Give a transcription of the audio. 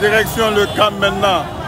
Direction le Cap maintenant.